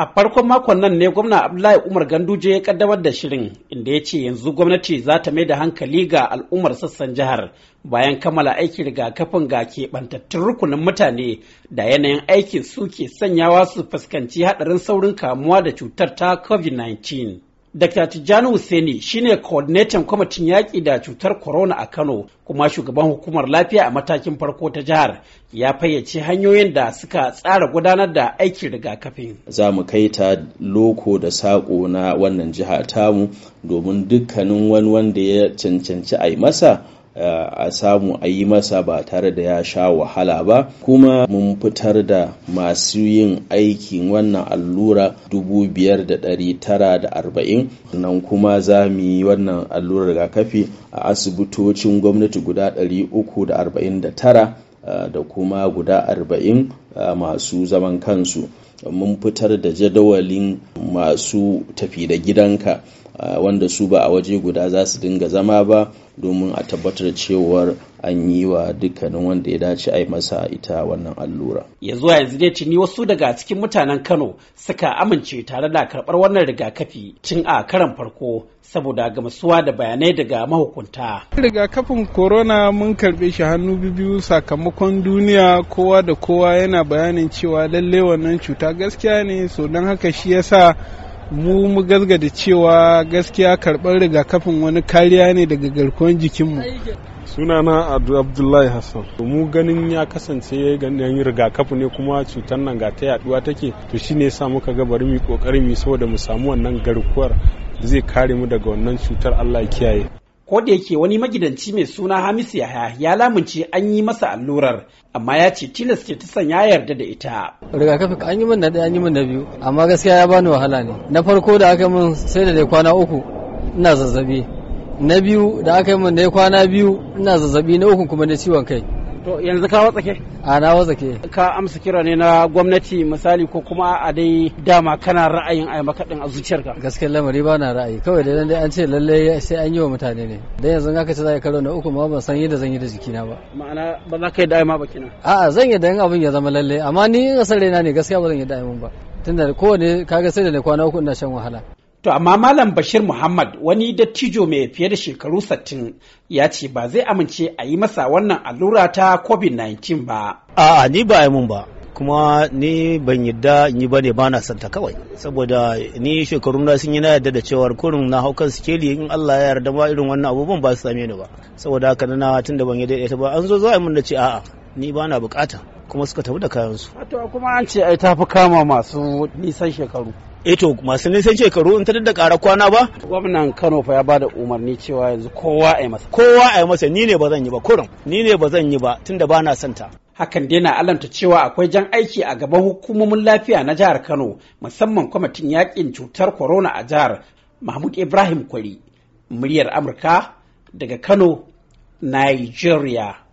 A farkon makon nan ne gwamna Abdullahi Umar Ganduje ya kaddamar da shirin inda ya ce yanzu gwamnati za ta mai da hankali ga al'ummar sassan jihar bayan kammala aikin rigakafin ga keɓantattun rukunin mutane da yanayin aikin su ke sanyawa su fuskanci haɗarin saurin kamuwa da cutar ta COVID-19. Dr. Tijjani Hussaini shine coordinating kwamitin yaƙi da cutar corona a Kano kuma shugaban hukumar lafiya a matakin farko ta jihar ya fayyace hanyoyin da suka tsara gudanar da aikin rigakafin. Za mu kai ta loko da saƙo na wannan jiha tamu domin dukkanin wani wanda ya cancanci a yi masa a samu a yi masa ba tare da ya sha wahala ba kuma mun fitar da masu yin aikin wannan allura 5,940 nan kuma za mu yi wannan allurar rigakafi a asibitocin gwamnati guda 349 da kuma guda 40 masu zaman kansu mun fitar da jadawalin masu tafi da gidanka Eh, wanda su ba a waje guda za su dinga zama ba domin a tabbatar cewar an yi wa dukkanin wanda ya dace a yi masa ita wannan allura. Ya zuwa yanzu dai tuni wasu daga cikin mutanen Kano suka amince tare da karɓar wannan rigakafi tun a karan farko saboda gamsuwa da bayanai daga mahukunta. Rigakafin korona mun karɓe shi hannu biyu sakamakon duniya kowa da kowa yana bayanin cewa lalle wannan cuta gaskiya ne so don haka shi yasa mu mu gasgada cewa gaskiya karɓar rigakafin wani kariya ne daga garkuwar jikinmu sunana abdullahi hassan mu ganin ya kasance ganin rigakafi ne kuma cutar nan ga ta yaduwa take to shine yasa muka ga bari mu kokari mu saboda mu samu wannan garkuwar zai kare mu daga wannan cutar Allah ya kiyaye ko da yake wani magidanci mai suna hamisu Yahya ya lamunce an yi masa allurar amma ya ce tilas ce ta san ya yarda da ita rigakafi an yi min na an yi min na biyu amma gaskiya ya bani wahala ne na farko da aka min sai da dai kwana uku ina zazzabi na biyu da aka yi min da kwana biyu ina zazzabi na uku kuma da ciwon kai To yanzu ka ke. A na ke. Ka amsa kira ne na gwamnati misali ko kuma a dai dama kana ra'ayin a makaɗin a zuciyarka. Gaskiyar lamari ba na ra'ayi kawai da dai an ce lalle sai an yi wa mutane ne. Dan yanzu ka ce za ka karo na uku ma ban san yadda zan yi da jikina ba. Ma'ana ba za ka yi da ma ba kina. A'a zan yi da'in abin ya zama lalle amma ni in san raina ne gaskiya ba zan yi da ba. Tunda kowane kaga sai da ne kwana uku ina shan wahala. To amma Malam Bashir Muhammad wani dattijo mai fiye da shekaru 60 ya ce ba zai amince a yi masa wannan allura ta COVID-19 ba. A'a ni ba mun ba. kuma ni ban yadda in yi ba ne ba na santa kawai saboda ni shekaru na sun yi na yadda da cewar kurin na hau kan sikeli in Allah ya yarda ba irin wannan abubuwan ba su same ni ba saboda haka na tun da ban yadda ita ba an zo zo a mun da ce a'a ni ba na bukata kuma suka tafi da kayansu. Wato kuma an ce ai ta fi kama masu nisan shekaru. eto eh masu nisan shekaru in ta da kara kwana ba gwamnan kano fa ya ba da umarni cewa yanzu kowa a yi masa kowa a yi masa ni ne ba zan yi ba kurum ni ne ba zan yi ba tunda ba na santa hakan dai na alamta cewa akwai jan aiki a gaban hukumomin lafiya na jihar kano musamman kwamitin yakin cutar corona a jihar mahmud ibrahim kwari muryar amurka daga kano nigeria